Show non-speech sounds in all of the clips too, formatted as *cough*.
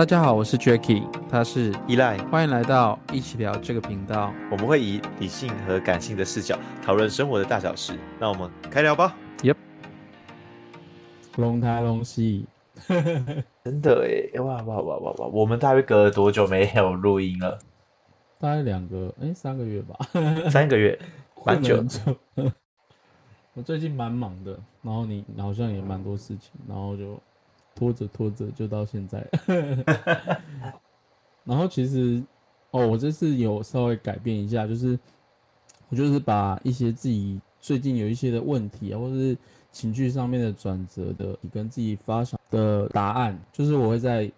大家好，我是 Jacky，他是 Eli，Eli, 歡迎來到一起聊這個頻道。我們會以理性和感性的視角討論生活的大小事，那我們開聊吧。y、yep. Long time no see， *laughs* 真的哎，哇哇哇哇哇，我們大概隔了多久沒有錄音了？大概兩個哎、欸、三個月吧， *laughs* 三個月，蠻久的。 *laughs* 我最近蠻忙的，然後你好像也蠻多事情，然後就。拖着拖着就到現在 *laughs* *laughs* 然後其實，哦，我這次有稍微改變一下，就是我就是把一些自己最近有一些的問題啊，或者是情緒上面的轉折的，你跟自己發想的答案，就是我會再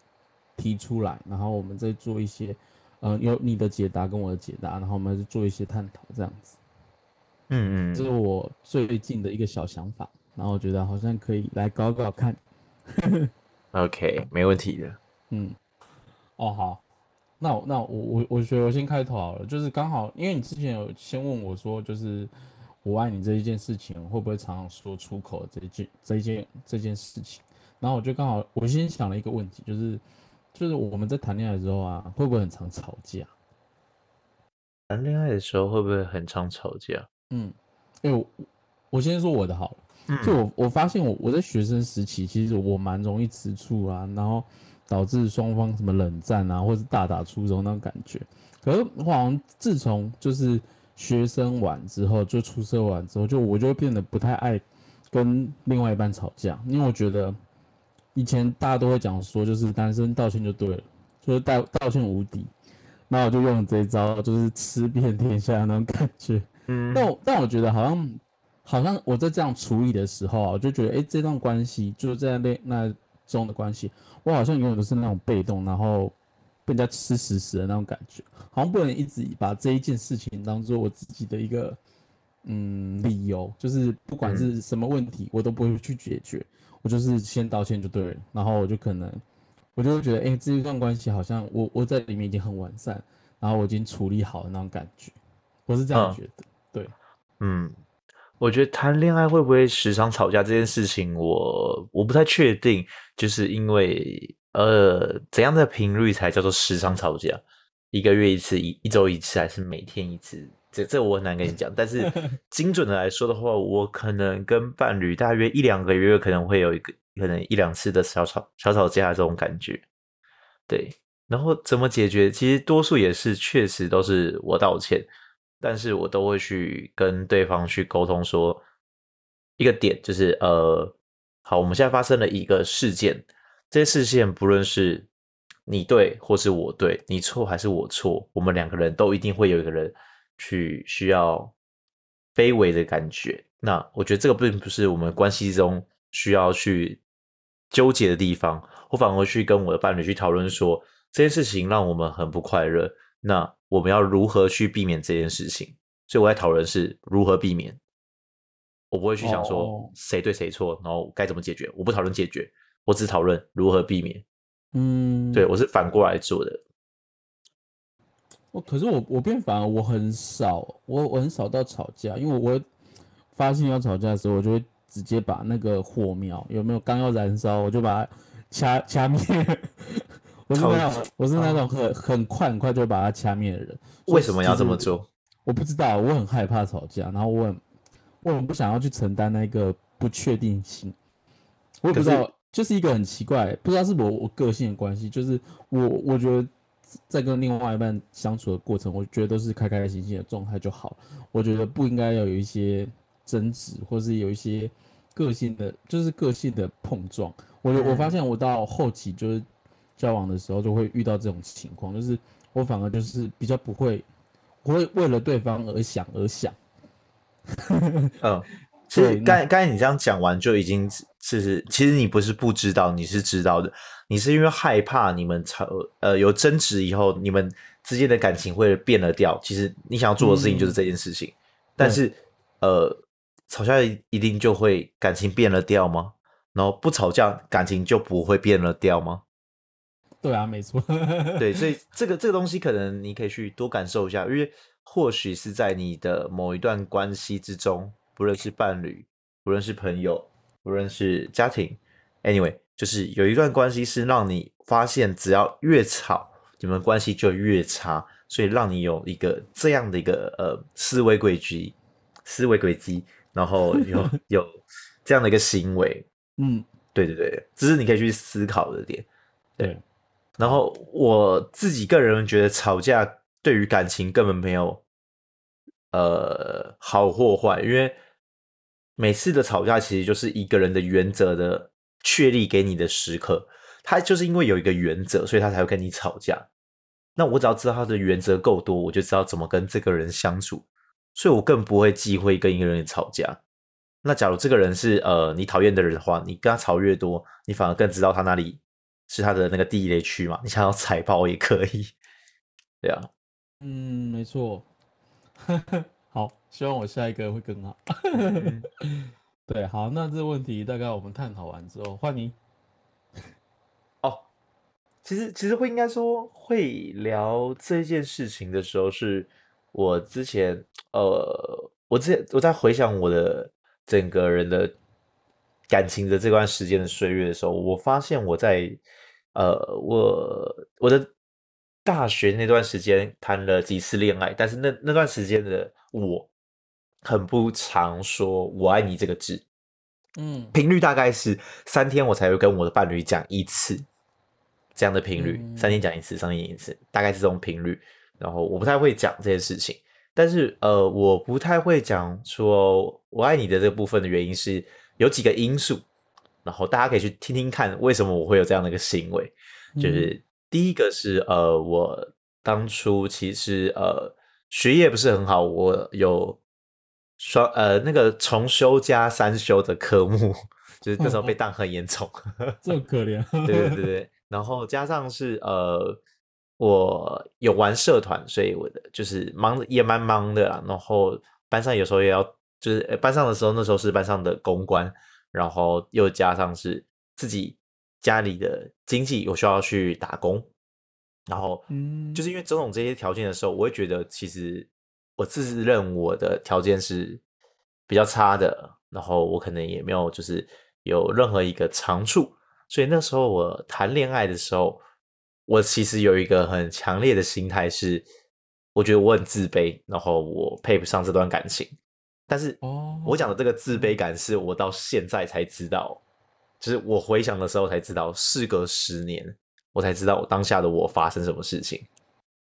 提出來，然後我們再做一些，嗯、呃，有你的解答跟我的解答，然後我們再做一些探討，這樣子。嗯嗯，這是我最近的一個小想法，然後我覺得好像可以來搞搞看。 *laughs* OK，沒問題的。嗯，哦好，那那我我我覺得我先開頭好了，就是剛好因為你之前有先問我說，就是我愛你這一件事情會不會常常說出口這一件這一件這一件事情，然後我就剛好我先想了一個問題，就是就是我們在談戀愛的時候啊，會不會很常吵架？談戀愛的時候會不會很常吵架？嗯，因為我我先說我的好了。就、嗯、我我發現我我在學生時期，其實我蠻容易吃醋啊，然後導致雙方什麼冷戰啊，或者是大打出手那種感覺。可是我好像自從就是學生完之後，就出社完之後，就我就變得不太愛跟另外一半吵架，因為我覺得以前大家都會講說，就是男生道歉就對了，就是道道歉無敵。那我就用這一招，就是吃遍天下那種感覺。嗯，但我但我覺得好像。好像我在這樣處理的時候啊，我就覺得，誒，這段關係就是在那那中的關係，我好像永遠都是那種被動，然後被人家吃死死的那種感覺，好像不能一直把這一件事情當做我自己的一個嗯理由，就是不管是什麼問題，我都不會去解決，我就是先道歉就對了，然後我就可能我就會覺得，誒，這一段關係好像我我在裡面已經很完善，然後我已經處理好了那種感覺，我是這樣覺得，啊、對，嗯。我覺得談戀愛會不會時常吵架這件事情我，我我不太確定，就是因為呃，怎樣的頻率才叫做時常吵架？一個月一次，一一週一次，還是每天一次？這這我很難跟你講。但是精準的來說的話，我可能跟伴侶大約一兩個月可能會有一個，可能一兩次的小吵小吵架這種感覺。對，然後怎麼解決？其實多數也是確實都是我道歉。但是我都會去跟對方去溝通，說一個點就是，呃，好，我們現在發生了一個事件，這些事件不論是你對或是我對，你錯還是我錯，我們兩個人都一定會有一個人去需要卑微的感覺。那我覺得這個並不是我們關係中需要去糾結的地方，我反而會去跟我的伴侶去討論說，這件事情讓我們很不快樂。那我們要如何去避免這件事情？所以我在討論是如何避免。我不會去想說誰對誰錯，然後該怎麼解決。我不討論解決，我只討論如何避免。嗯，對，我是反過來做的。我可是我我變反而，我很少我我很少到吵架，因為我發現要吵架的時候，我就會直接把那個火苗有沒有剛要燃燒，我就把它掐掐滅。 *laughs* 我是那種我是那種很、啊、很快很快就會把他掐滅的人、就是。為什麼要這麼做？我不知道，我很害怕吵架，然後我很，我很不想要去承擔那個不確定性。我也不知道，就是一個很奇怪，不知道是我我個性的關係，就是我我覺得在跟另外一半相處的過程，我覺得都是開開心心的狀態就好。我覺得不應該要有一些爭執，或是有一些個性的，就是個性的碰撞。我我發現我到後期就是。嗯交往的時候就會遇到這種情況，就是我反而就是比較不會，不會為了對方而想而想。 *laughs* 嗯，其實剛剛你這樣講完就已經是，其實你不是不知道，你是知道的。你是因為害怕你們吵呃有爭執以後，你們之間的感情會變了調。其實你想要做的事情就是這件事情，嗯，但是呃吵架一定就會感情變了調嗎？然後不吵架感情就不會變了調嗎？對啊，沒錯。 *laughs* 對，所以這個這個東西可能你可以去多感受一下，因為或許是在你的某一段關係之中，不論是伴侶，不論是朋友，不論是家庭。Anyway，就是有一段關係是讓你發現，只要越吵，你們關係就越差，所以讓你有一個這樣的一個呃思維軌跡，思維軌跡，然後有 *laughs* 有這樣的一個行為。嗯，對對對，這是你可以去思考的點。對。對然後我自己個人覺得，吵架對於感情根本沒有，呃，好或壞。因為每次的吵架，其實就是一個人的原則的確立給你的時刻。他就是因為有一個原則，所以他才會跟你吵架。那我只要知道他的原則夠多，我就知道怎麼跟這個人相處。所以，我更不會忌諱跟一個人吵架。那假如這個人是呃你討厭的人的話，你跟他吵越多，你反而更知道他那裡。是他的那個地雷區嘛？你想要踩爆也可以，對啊。嗯，沒錯。 *laughs* 好，希望我下一個會更好、 *laughs* 嗯。對，好，那這問題大概我們探討完之後，換你。哦，其實其實會應該說會聊這件事情的時候，是我之前呃，我之前我在回想我的整個人的感情的這段時間的歲月的時候，我發現我在。呃，我我的大學那段時間談了幾次戀愛，但是那那段時間的我很不常說“我愛你”這個字，嗯，頻率大概是三天我才會跟我的伴侶講一次，這樣的頻率、嗯，三天講一次，三天一次，大概是這種頻率。然後我不太會講這些事情，但是呃，我不太會講說我愛你的這個部分的原因是有幾個因素。然後大家可以去聽聽看，為什麼我會有這樣的一個行為？就是、嗯、第一個是呃，我當初其實呃學業不是很好，我有雙呃那個重修加三修的科目，就是那時候被當很嚴重，呵呵 *laughs* 這麼可憐。 *laughs* 對對對對，然後加上是呃我有玩社團，所以我的就是忙也蠻忙的啦。然後班上有時候也要就是、呃、班上的時候，那時候是班上的公關。然後又加上是自己家裡的經濟我需要去打工，然後嗯，就是因為種種這些條件的時候，我會覺得其實我自認我的條件是比較差的，然後我可能也沒有就是有任何一個長處，所以那時候我談戀愛的時候，我其實有一個很強烈的心態是，我覺得我很自卑，然後我配不上這段感情。但是，我講的這個自卑感是我到現在才知道，就是我回想的時候才知道，事隔十年，我才知道我當下的我發生什麼事情。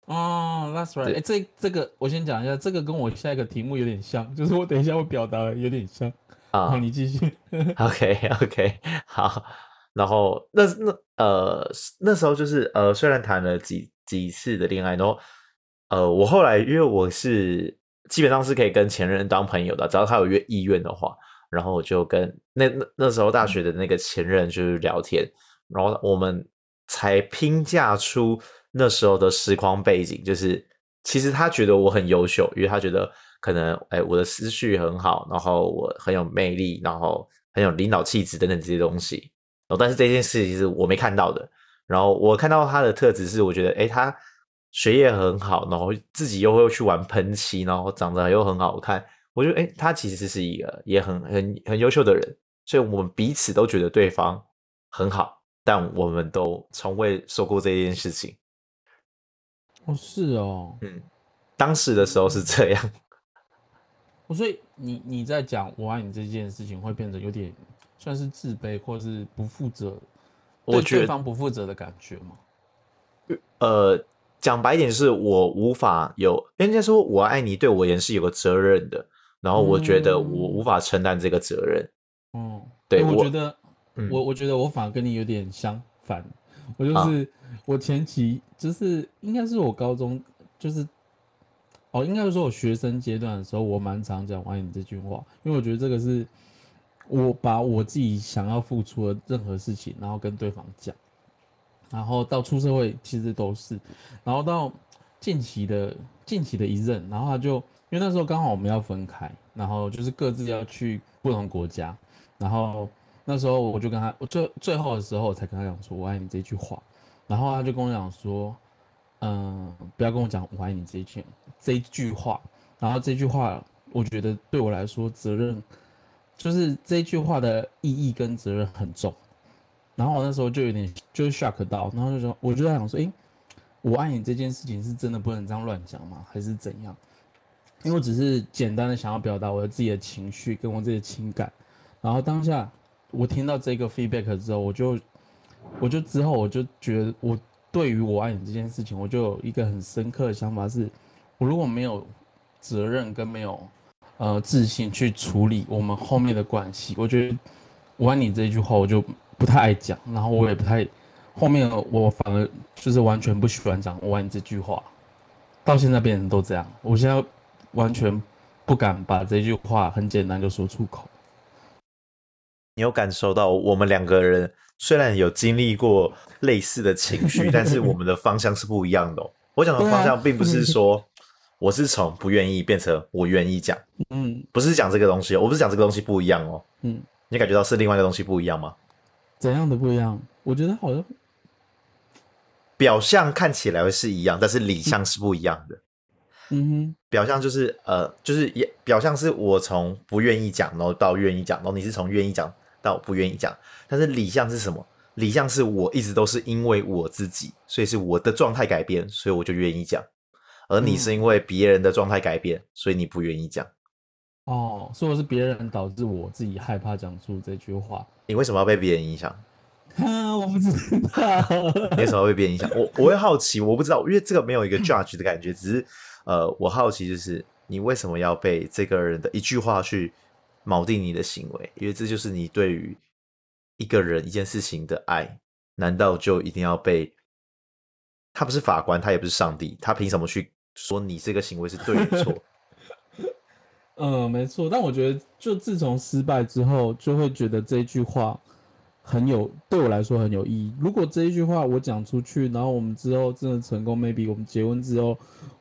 oh, that's right。哦那 that's right，這這個、這個、我先講一下，這個跟我下一個題目有點像，就是我等一下會表達有點像啊。 *laughs* 然後你繼續。 *laughs* OK OK，好。然後那那呃那時候就是呃雖然談了幾幾次的戀愛，然後呃我後來因為我是。基本上是可以跟前任當朋友的，只要他有約意願的話，然後我就跟那那那時候大學的那個前任就是聊天，然後我們才拼湊出那時候的時光背景，就是其實他覺得我很優秀，因為他覺得可能哎、欸、我的思緒很好，然後我很有魅力，然後很有領導氣質等等這些東西、喔，但是這件事其實我沒看到的，然後我看到他的特質是我覺得哎、欸、他。學業很好，然後自己又會去玩噴漆，然後長得又很好看，我覺得哎、欸，他其實是一個也很很很優秀的人，所以我們彼此都覺得對方很好，但我們都從未說過這件事情。哦，是哦，嗯，當時的時候是這樣。我、嗯、所以你你在講“我愛你”這件事情，會變得有點算是自卑，或是不負責，我覺得對，對方不負責的感覺嗎？呃。講白一點，是我無法有。人家說我愛你，對我也是有個責任的。然後我覺得我無法承擔這個責任。哦、嗯嗯嗯，對，我覺得，我我覺得我反而跟你有點相反。嗯、我就是我前期就是應該是我高中就是哦，應該是說我學生階段的時候，我蠻常講“我愛你”這句話，因為我覺得這個是我把我自己想要付出的任何事情，然後跟對方講。然後到出社會其實都是，然後到近期的近期的一任，然後他就因為那時候剛好我們要分開，然後就是各自要去不同國家，然後那時候我就跟他，我最最後的時候我才跟他講說我愛你這句話，然後他就跟我講說，嗯、呃，不要跟我講我愛你這句這一句話。然後這句話我覺得對我來說，責任就是這句話的意義跟責任很重。然後我那時候就有點就是 shock 到，然後就說，我就在想說，誒，我愛你這件事情是真的不能這樣亂講嗎？還是怎樣？因為我只是簡單的想要表達我的自己的情緒跟我自己的情感。然後當下我聽到這個 feedback 之後，我就我就之後我就覺得，我對於我愛你這件事情，我就有一個很深刻的想法是，是我如果沒有責任跟沒有呃自信去處理我們後面的關係，我覺得我愛你這句話，我就。不太愛講，然後我也不太，後面我反而就是完全不喜歡講我愛你這句話，到現在變成都這樣，我現在完全不敢把這句話很簡單就說出口。你有感受到我們兩個人雖然有經歷過類似的情緒， *laughs* 但是我們的方向是不一樣的哦。我講的方向並不是說我是從不願意變成我願意講，嗯，不是講這個東西，我不是講這個東西不一樣哦，嗯，你感覺到是另外一個東西不一樣嗎？怎樣的不一樣？我覺得好像表象看起來是一樣，但是裡象是不一樣的。嗯哼，表象就是呃，就是也表象是我從不願意講，然後到願意講，然後你是從願意講到不願意講。但是裡象是什麼？裡象是我一直都是因為我自己，所以是我的狀態改變，所以我就願意講；而你是因為別人的狀態改變，所以你不願意講。嗯哦，所以是別人導致我自己害怕講出這句話。你為什麼要被別人影響？啊， *laughs* 我不知道，你為什麼要被別人影響？我我會好奇，我不知道，因為這個沒有一個 judge 的感覺，只是呃，我好奇就是你為什麼要被這個人的一句話去錨定你的行為？因為這就是你對於一個人一件事情的愛，難道就一定要被他，不是法官，他也不是上帝，他憑什麼去說你這個行為是對的錯？ *laughs* 嗯，沒錯，但我覺得，就自從失敗之後，就會覺得這一句話很有，對我來說很有意義。如果這一句話我講出去，然後我們之後真的成功，maybe 我們結婚之後，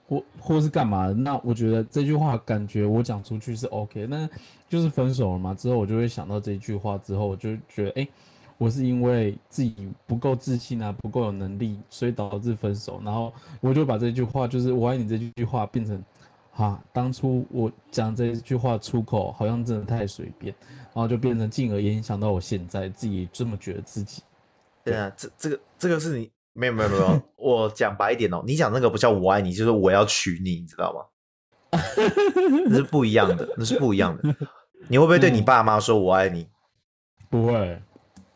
或或是幹嘛的，那我覺得這句話感覺我講出去是 OK。那就是分手了嘛，之後我就會想到這一句話，之後我就覺得，哎、欸，我是因為自己不夠自信啊，不夠有能力，所以導致分手。然後我就把這句話，就是“我愛你”這句話變成。啊！當初我講這一句話出口，好像真的太隨便，然後就變成進而影響到我現在自己這麼覺得自己。對啊，這這個這個是你沒有沒有沒有，沒有沒有 *laughs* 我講白一點哦，你講那個不叫“我愛你”，就是我要娶你，你知道嗎？那 *laughs* 是不一樣的，那是不一樣的。你會不會對你爸媽說“我愛你”？不會。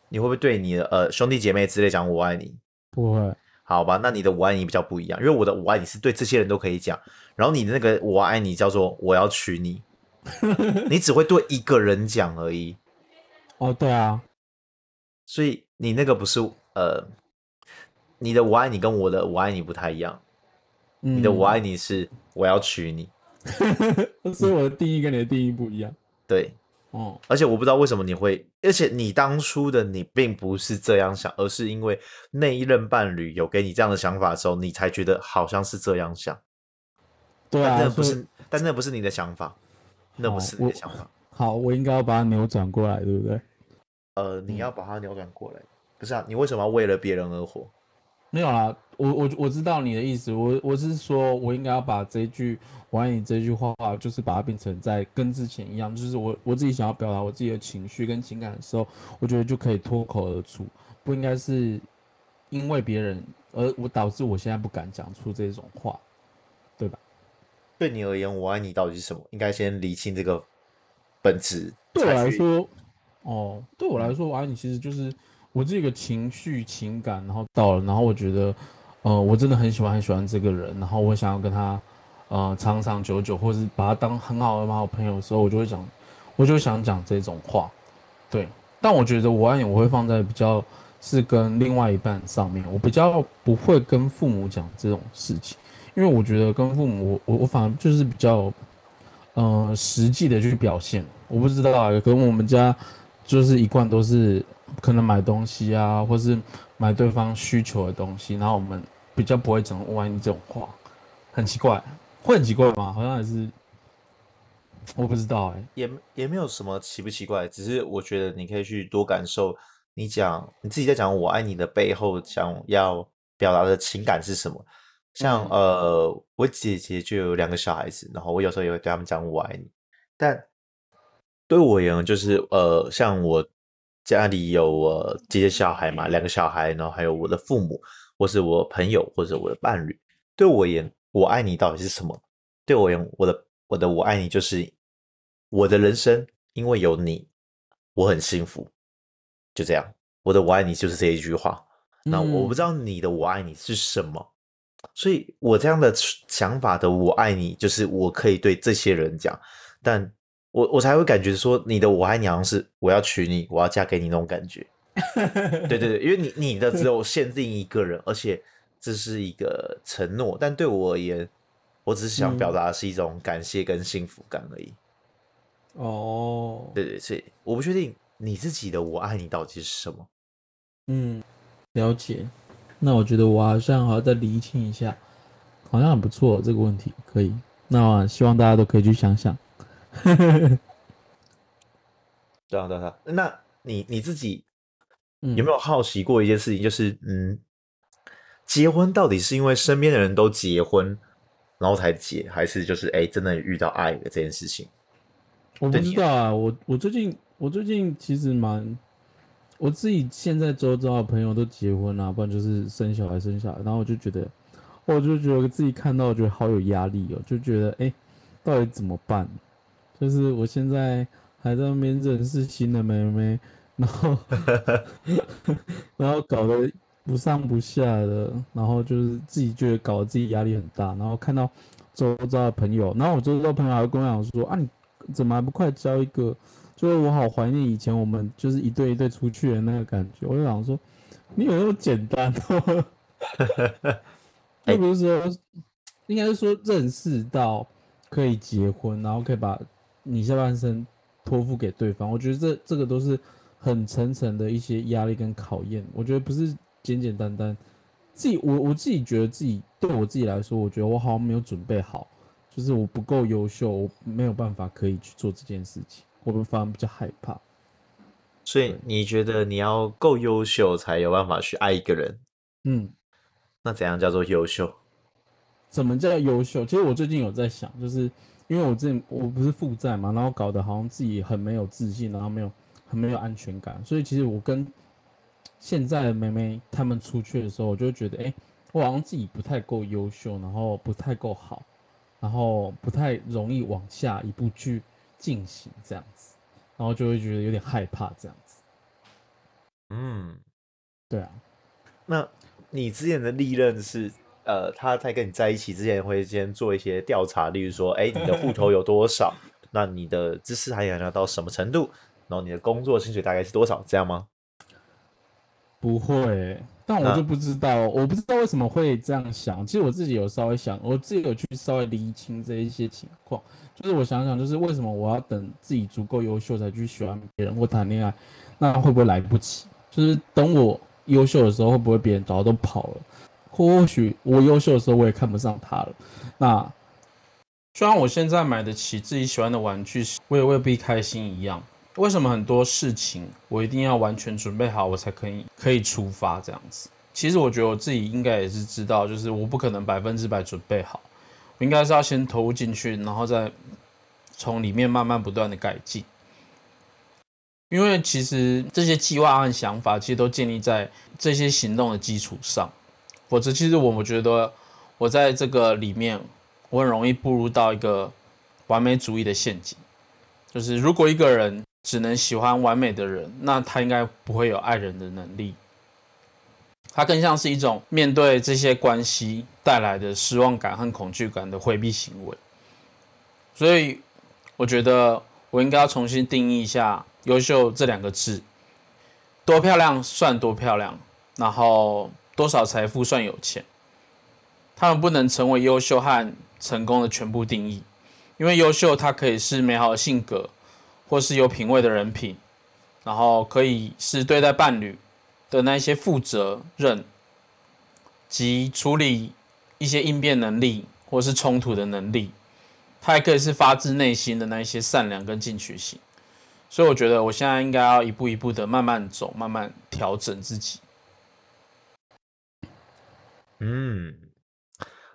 你會不會對你的呃兄弟姐妹之類講“我愛你”？不會。好吧，那你的我愛你比較不一樣，因為我的我愛你是對這些人都可以講，然後你的那個我愛你叫做我要娶你， *laughs* 你只會對一個人講而已。哦，對啊，所以你那個不是呃，你的我愛你跟我的我愛你不太一樣，嗯、你的我愛你是我要娶你，所 *laughs* 以我的定義跟你的定義不一樣。嗯、對。而且我不知道為什麼你會，而且你當初的你並不是這樣想，而是因為那一任伴侶有給你這樣的想法的時候，你才覺得好像是這樣想。對啊，但那不是，但那不是你的想法，那不是你的想法。好，我應該要把它扭轉過來，對不對？呃，你要把它扭轉過來。嗯，不是啊？你為什麼要為了別人而活？沒有啦，我我我知道你的意思，我我是說，我應該要把這一句“我愛你”這句話，就是把它變成在跟之前一樣，就是我我自己想要表達我自己的情緒跟情感的時候，我覺得就可以脫口而出，不應該是因為別人而我導致我現在不敢講出這種話，對吧？對你而言，“我愛你”到底是什麼？應該先理清這個本質。對我來說，哦，對我來說，“我愛你”其實就是。我這個情緒、情感，然後到了，然後我覺得，呃，我真的很喜歡很喜歡這個人，然後我想要跟他，呃，長長久久，或是把他當很好的好朋友的時候，我就會講，我就想講這種話，對。但我覺得，我愛你，我會放在比較是跟另外一半上面，我比較不會跟父母講這種事情，因為我覺得跟父母，我我反而就是比較，嗯、呃，實際的去表現。我不知道啊，可能我們家就是一貫都是。可能買東西啊，或是買對方需求的東西，然後我們比較不會講“我愛你”這種話，很奇怪，會很奇怪嗎？好像還是我不知道、欸，哎，也也沒有什麼奇不奇怪，只是我覺得你可以去多感受你，你講你自己在講“我愛你”的背後想要表達的情感是什麼。像、嗯、呃，我姐姐就有兩個小孩子，然後我有時候也會對他們講“我愛你”，但對我而言，就是呃，像我。家裡有我這些小孩嘛，兩個小孩，然後還有我的父母，或是我朋友，或是我的伴侶。對我而言，我愛你到底是什麼？對我而言，我的我的我愛你就是我的人生，因為有你，我很幸福。就這樣，我的我愛你就是這一句話。那我不知道你的我愛你是什麼。嗯，所以我這樣的想法的我愛你，就是我可以對這些人講，但。我我才會感覺說你的“我愛你”好像是我要娶你，我要嫁給你那種感覺。 *laughs* 對對對，因為你你的只有限定一個人， *laughs* 而且這是一個承諾。但對我而言，我只是想表達的是一種感謝跟幸福感而已。嗯、哦，對對對，所以我不確定你自己的“我愛你”到底是什麼？嗯，了解。那我覺得我好像還要再釐清一下，好像很不錯這個問題，可以。那我希望大家都可以去想想。呵呵呵，對啊對啊，那你你自己有沒有好奇過一件事情？就是嗯，嗯，結婚到底是因為身邊的人都結婚，然後才結，還是就是哎真的遇到愛的這件事情？我不知道啊，啊我我最近我最近其實蠻我自己現在周遭的朋友都結婚了，啊，不然就是生小孩生下來，然後我就覺得，我就覺得自己看到我覺得好有壓力哦，就覺得哎，到底怎麼辦？就是我現在還在外面認識新的妹妹，然後 *laughs* 然後搞得不上不下的，然後就是自己覺得搞得自己壓力很大，然後看到周遭的朋友，然後我周遭的朋友還跟我講說啊，你怎麼還不快交一個？就是我好懷念以前我們就是一對一對出去的那個感覺。我就想說，你有那麼簡單嗎？ *laughs* 就比如說，應該是說認識到可以結婚，然後可以把。你下半生托付給對方，我覺得這這個都是很層層的一些壓力跟考驗。我覺得不是簡簡單單，自己我我自己覺得自己對我自己來說，我覺得我好像沒有準備好，就是我不夠優秀，我沒有辦法可以去做這件事情。我會反而比較害怕。所以你覺得你要夠優秀才有辦法去愛一個人？嗯。那怎樣叫做優秀？怎麼叫優秀？其實我最近有在想，就是。因為我自己我不是負債嘛，然後搞得好像自己很沒有自信，然後沒有很沒有安全感，所以其實我跟現在的妹妹他們出去的時候，我就會覺得，哎、欸，我好像自己不太夠優秀，然後不太夠好，然後不太容易往下一步去進行這樣子，然後就會覺得有點害怕這樣子。嗯，對啊。那你之前的歷任是？呃，他在跟你在一起之前會先做一些調查，例如說，哎，你的戶頭有多少？ *laughs* 那你的知識涵養達到什麼程度？然後你的工作薪水大概是多少？這樣嗎？不會，但我就不知道，啊、我不知道為什麼會這樣想。其實我自己有稍微想，我自己有去稍微理清這一些情況。就是我想想，就是為什麼我要等自己足夠優秀才去喜歡別人或談戀愛？那會不會來不及？就是等我優秀的時候，會不會別人早都跑了？或許我優秀的時候，我也看不上他了。那雖然我現在買得起自己喜歡的玩具，我也未必開心一樣。為什麼很多事情我一定要完全準備好，我才可以可以出發？這樣子，其實我覺得我自己應該也是知道，就是我不可能百分之百準備好，我應該是要先投入進去，然後再從裡面慢慢不斷的改進。因為其實這些計劃和想法，其實都建立在這些行動的基礎上。我其實，我覺得我在這個裡面，我很容易步入到一個完美主義的陷阱。就是如果一個人只能喜歡完美的人，那他應該不會有愛人的能力。他更像是一種面對這些關係帶來的失望感和恐懼感的回避行為。所以，我覺得我應該要重新定義一下“優秀”這兩個字。多漂亮算多漂亮，然後。多少財富算有錢？他們不能成為優秀和成功的全部定義，因為優秀它可以是美好的性格，或是有品味的人品，然後可以是對待伴侶的那一些負責任，及處理一些應變能力或是衝突的能力，它還可以是發自內心的那一些善良跟進取心。所以我覺得我現在應該要一步一步的慢慢走，慢慢調整自己。嗯，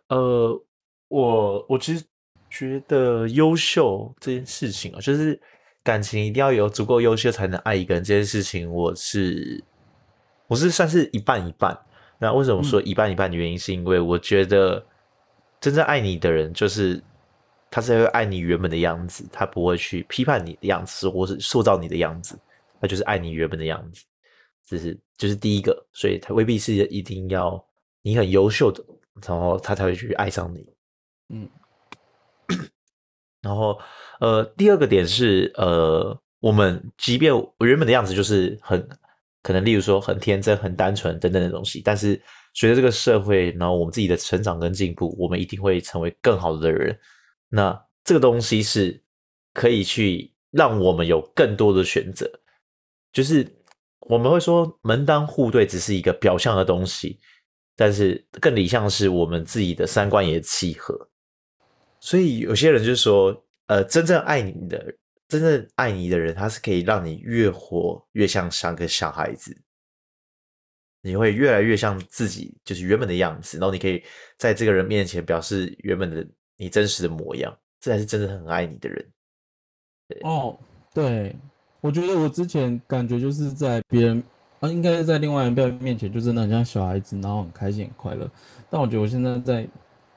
呃，我我其實覺得優秀這件事情啊，就是感情一定要有足夠優秀才能愛一個人這件事情，我是我是算是一半一半。那為什麼說一半一半的原因，是因為我覺得真正愛你的人，就是他是會愛你原本的樣子，他不會去批判你的樣子或是塑造你的樣子，他就是愛你原本的樣子，這是就是第一個，所以他未必是一定要。你很優秀的，然後他才會去愛上你。嗯。然後，呃，第二個點是，呃，我們即便原本的樣子就是很可能，例如說很天真、很單純等等的東西，但是隨着這個社會，然後我們自己的成長跟進步，我們一定會成為更好的的人。那這個東西是可以去讓我們有更多的選擇，就是我們會說門當戶對只是一個表象的東西。但是更理想的是我們自己的三觀也契合，所以有些人就說，呃，真正愛你的，真正愛你的人，他是可以讓你越活越像像個小孩子，你會越來越像自己就是原本的樣子，然後你可以在這個人面前表示原本的你真實的模樣，這才是真的很愛你的人。哦，oh, 對，我覺得我之前感覺就是在別人。啊，應該是在另外一半面前就真的很像小孩子，然後很開心、很快樂。但我覺得我現在在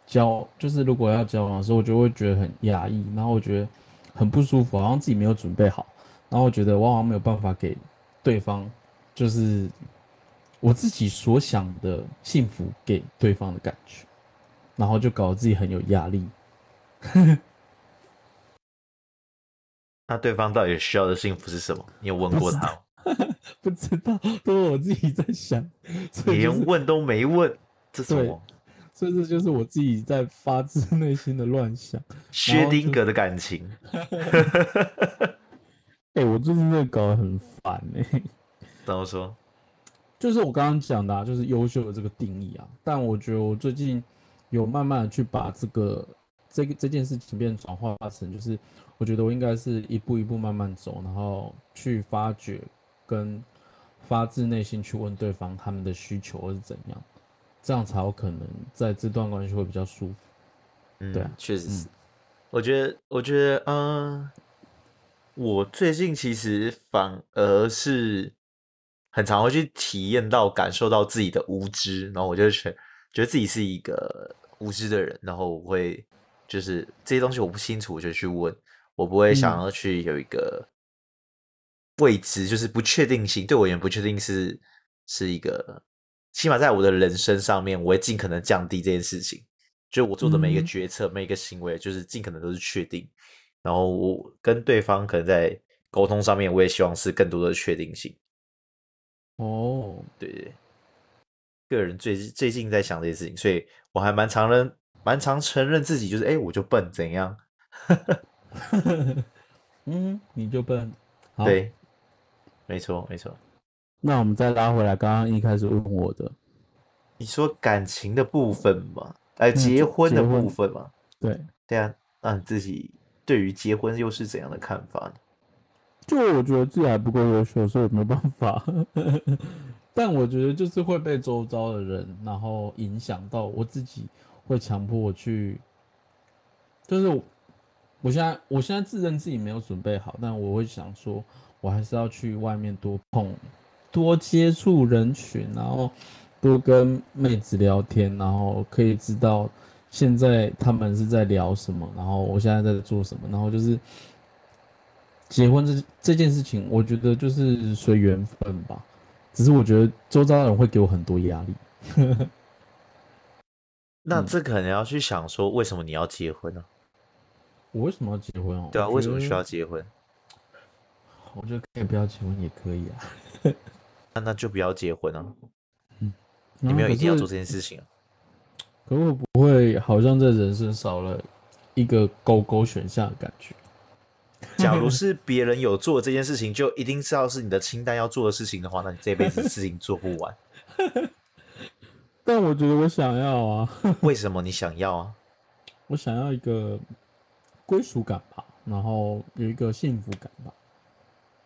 交，就是如果要交往的時候，我就會覺得很壓抑，然後我覺得很不舒服，好像自己沒有準備好。然後我覺得我好像沒有辦法給對方，就是我自己所想的幸福給對方的感覺，然後就搞得自己很有壓力。 *laughs* 那對方到底需要的幸福是什麼？你有問過他嗎？ *laughs* 不知道，都是我自己在想，連、就是、問都沒問，這是我，所以這就是我自己在發自內心的亂想。薛丁格的感情，哎、就是 *laughs* *laughs* 欸，我最近在搞得很煩哎、欸，怎麼說？就是我剛剛講的、啊，就是優秀的這個定義啊。但我覺得我最近有慢慢的去把這個這這件事情變轉化成，就是我覺得我應該是一步一步慢慢走，然後去發掘。跟發自內心去問對方他們的需求或是怎樣，這樣才有可能在這段關係會比較舒服。對啊、嗯，確實是、嗯。我覺得，我覺得，嗯、呃，我最近其實反而是很常會去體驗到、感受到自己的無知，然後我就覺覺得自己是一個無知的人，然後我會就是這些東西我不清楚，我就去問，我不會想要去有一個、嗯。未知就是不確定性，對我也不確定是是一個，起碼在我的人生上面，我會盡可能降低這件事情。就我做的每一個決策、嗯、每一個行為，就是盡可能都是確定。然後我跟對方可能在溝通上面，我也希望是更多的確定性。哦，對對，對，個人最最近在想這些事情，所以我還蠻常認、蠻常承認自己就是哎、欸，我就笨，怎樣？ *laughs* 嗯，你就笨，對。沒錯，沒錯。那我們再拉回來，剛剛一開始問我的，你說感情的部分嗎？哎，結婚的部分嗎、嗯、對，對啊。那你自己對於結婚又是怎樣的看法呢？就我覺得自己還不夠優秀，所以我沒辦法。 *laughs* 但我覺得就是會被周遭的人，然後影響到我自己，自己會強迫我去。就是我，我現在，我現在自認自己沒有準備好，但我會想說。我還是要去外面多碰，多接觸人群，然後多跟妹子聊天，然後可以知道現在他們是在聊什麼，然後我現在在做什麼，然後就是結婚這這件事情，我覺得就是隨緣分吧。只是我覺得周遭的人會給我很多壓力。呵呵。那這可能要去想說，為什麼你要結婚呢啊？我為什麼要結婚啊？對啊，為什麼需要結婚？我覺得可以不要結婚也可以啊 *laughs* ，那那就不要結婚啊。嗯，你沒有一定要做這件事情啊？可我不會，好像在人生少了一個勾勾選項的感覺。假如是別人有做這件事情，就一定是要是你的清單要做的事情的話，那你這輩子事情做不完。但我覺得我想要啊。為什麼你想要啊？我想要一個歸屬感吧，然後有一個幸福感吧。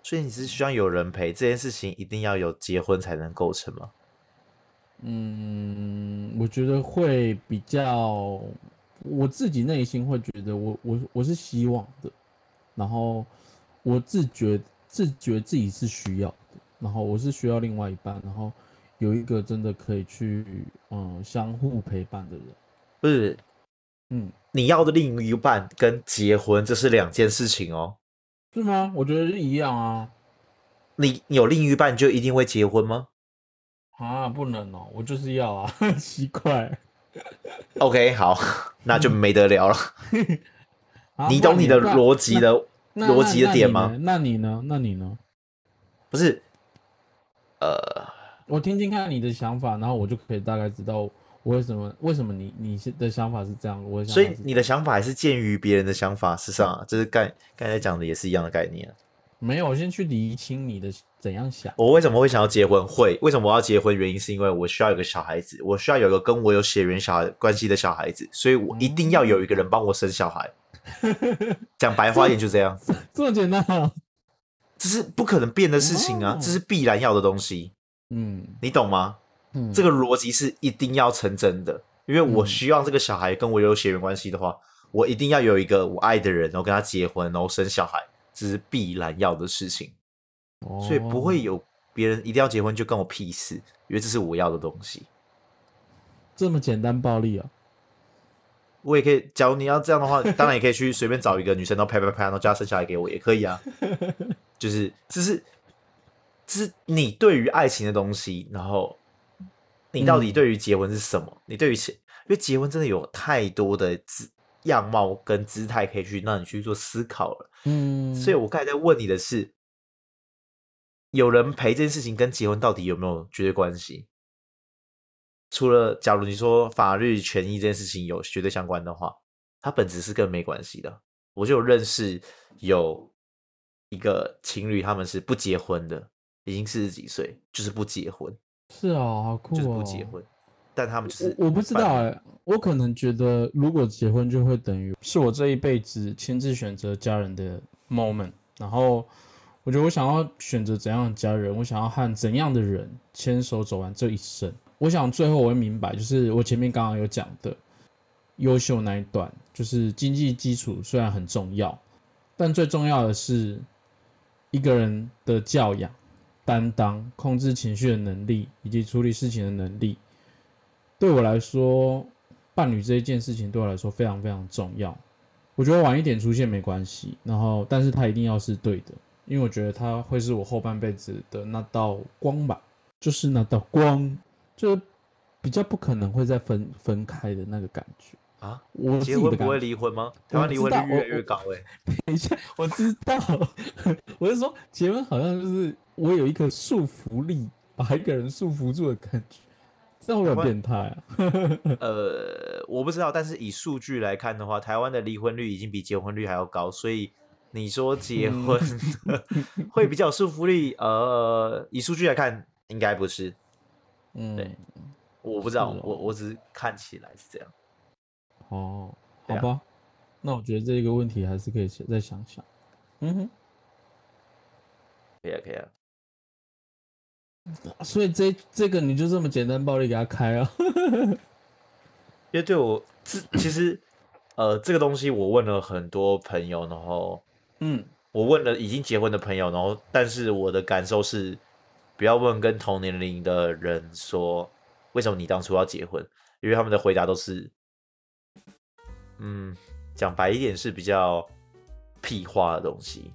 所以你是希望有人陪這件事情，一定要有結婚才能構成嗎？嗯，我覺得會比較，我自己內心會覺得我，我我我是希望的。然後我自覺自覺自己是需要的。然後我是需要另外一半，然後有一個真的可以去嗯相互陪伴的人。不是，嗯，你要的另一半跟結婚這是兩件事情哦。是嗎？我覺得是一樣啊。你你有另一半就一定會結婚嗎？啊，不能哦，我就是要啊，呵呵奇怪。OK，好，那就沒得聊了，了 *laughs* 、啊。你懂你的邏輯的邏輯的，的點嗎？那你呢？那你呢？不是，呃，我聽聽看你的想法，然後我就可以大概知道。為什麼？為什麼你你的想法是這樣？我所以你的想法還是鑑於別人的想法事、啊，事實上，這是剛剛才講的也是一樣的概念、啊。沒有，我先去理清你的怎樣想法。我為什麼會想要結婚？會為什麼我要結婚？原因是因為我需要有一個小孩子，我需要有一個跟我有血緣小孩關係的小孩子，所以我一定要有一個人幫我生小孩。講、嗯、 *laughs* 白話一點就這樣，這麼簡單、啊。這是不可能變的事情啊、哦，這是必然要的東西。嗯，你懂嗎？這個邏輯是一定要成真的，因為我希望這個小孩跟我有血緣關係的話、嗯，我一定要有一個我愛的人，然後跟他結婚，然後生小孩，這是必然要的事情、哦。所以不會有別人一定要結婚就跟我屁事，因為這是我要的東西。這麼簡單暴力啊！我也可以，假如你要這樣的話，當然也可以去隨便找一個女生， *laughs* 然後拍拍拍，然後叫她生小孩給我也可以啊。就是，這是，這是你對於愛情的東西，然後。你到底對於結婚是什麼？嗯，你對於，因為結婚真的有太多的姿樣貌跟姿態可以去讓你去做思考了。嗯，所以我剛才在問你的是，有人陪這件事情跟結婚到底有沒有絕對關係？除了假如你說法律權益這件事情有絕對相關的話，它本質是根本沒關係的。我就認識有一個情侶，他們是不結婚的，已經四十幾歲，就是不結婚。是哦，好酷哦，就是不結婚，但他們就是我，我不知道哎，我可能覺得如果結婚就會等於是我這一輩子親自選擇家人的 moment，然後我覺得我想要選擇怎樣的家人，我想要和怎樣的人牽手走完這一生。我想最後我會明白，就是我前面剛剛有講的優秀那一段，就是經濟基礎雖然很重要，但最重要的是一個人的教養，擔當、控制情緒的能力以及處理事情的能力，對我來說，伴侶這一件事情對我來說非常非常重要。我覺得晚一點出現沒關係，然後，但是他一定要是對的，因為我覺得他會是我後半輩子的那道光吧，就是那道光，就是比較不可能會再分分開的那個感覺。啊，我結婚不會離婚嗎？台灣離婚率越來越高，欸，哎，等一下， *laughs* 我知道， *laughs* 我是說結婚好像就是我有一個束縛力，把一個人束縛住的感覺，這會不會變態啊？呃，我不知道，但是以數據來看的話，台灣的離婚率已經比結婚率還要高，所以你說結婚會比較有束縛力， *laughs* 呃，以數據來看應該不是，嗯，對，我不知道，嗯、我我只是看起來是這樣。哦，好吧，啊，那我覺得這個問題還是可以再想想。嗯哼，可以啊，可以啊。所以這這個你就這麼簡單暴力給他開啊？ *laughs* 因為對我，這其實，呃，這個東西我問了很多朋友，然後，嗯，我問了已經結婚的朋友，然後，但是我的感受是，不要問跟同年齡的人說，為什麼你當初要結婚，因為他們的回答都是。嗯，講白一點是比較屁話的東西。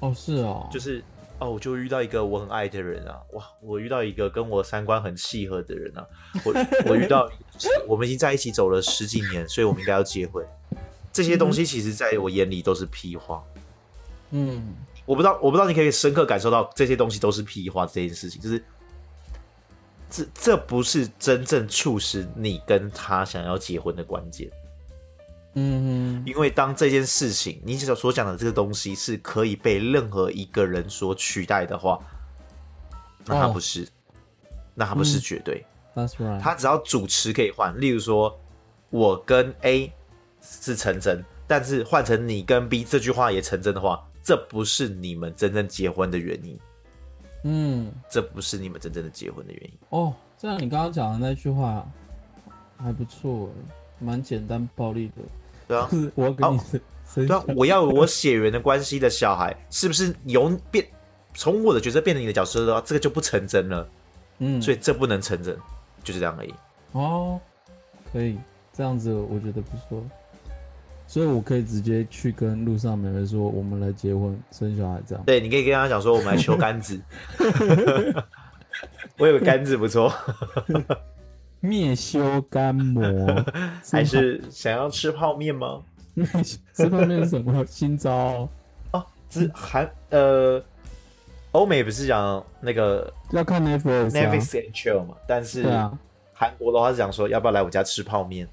哦，是哦，就是哦，我就遇到一個我很愛的人啊，哇，我遇到一個跟我三觀很契合的人啊，我我遇到， *laughs* 我們已經在一起走了十幾年，所以我們應該要結婚。這些東西其實在我眼裡都是屁話。嗯，我不知道，我不知道你可以深刻感受到這些東西都是屁話這件事情，就是這這不是真正促使你跟他想要結婚的關鍵。嗯，因為當這件事情你所講的這個東西是可以被任何一個人所取代的話，那他不是，那他不是絕對。哦嗯、他只要主持可以換，例如說，我跟 A 是成真，但是換成你跟 B 這句話也成真的話，這不是你們真正結婚的原因。嗯，這不是你們真正的結婚的原因。哦，這樣你剛剛講的那句話還不錯，蠻簡單暴力的。對、啊、是我要你，oh, 對啊，我要我血緣的關係的小孩，是不是由變從我的角色變成你的角色的話，這個就不成真了。嗯，所以這不能成真，就是這樣而已。哦，可以這樣子，我覺得不錯。所以，我可以直接去跟路上妹妹說，我們來結婚生小孩這樣。對，你可以跟他講說，我們來求杆子。 *laughs* *laughs* 我以為杆子不錯，不錯。面修干膜，還是想要吃泡麵嗎麵嗎？吃泡麵是什麼 *laughs* 新招哦。哦，韓呃，歐美不是講那個要看、啊 Netflix and chill 嘛，但是韓、啊、國的話是講說要不要來我家吃泡麵？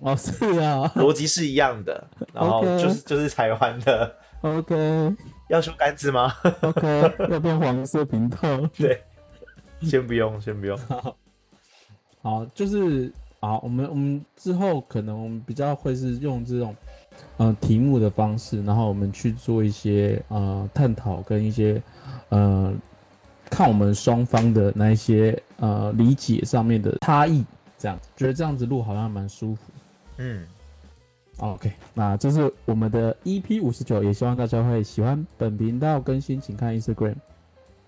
哦，是啊，邏輯是一樣的，然後就是、 *laughs* okay、就是台灣的。OK，要修杆子嗎 *laughs* ？OK，要變黃色頻道？ *laughs* 對，先不用，先不用。 *laughs* 好，就是啊，我們我們之後可能我們比較會是用這種嗯、呃、題目的方式，然後我們去做一些呃探討跟一些嗯、呃、看我們雙方的那一些呃理解上面的差異，這樣覺得這樣子錄好像蠻舒服。嗯，OK，那這是我們的 EP59，也希望大家會喜歡本頻道更新，請看 Instagram。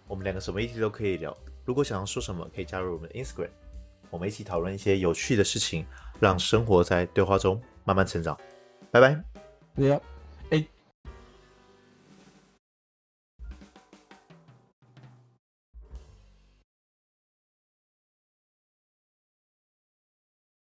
我們兩個什麼議題都可以聊，如果想要說什麼，可以加入我們的 Instagram。我們一起討論一些有趣的事情，讓生活在對話中慢慢成長。拜拜，yeah.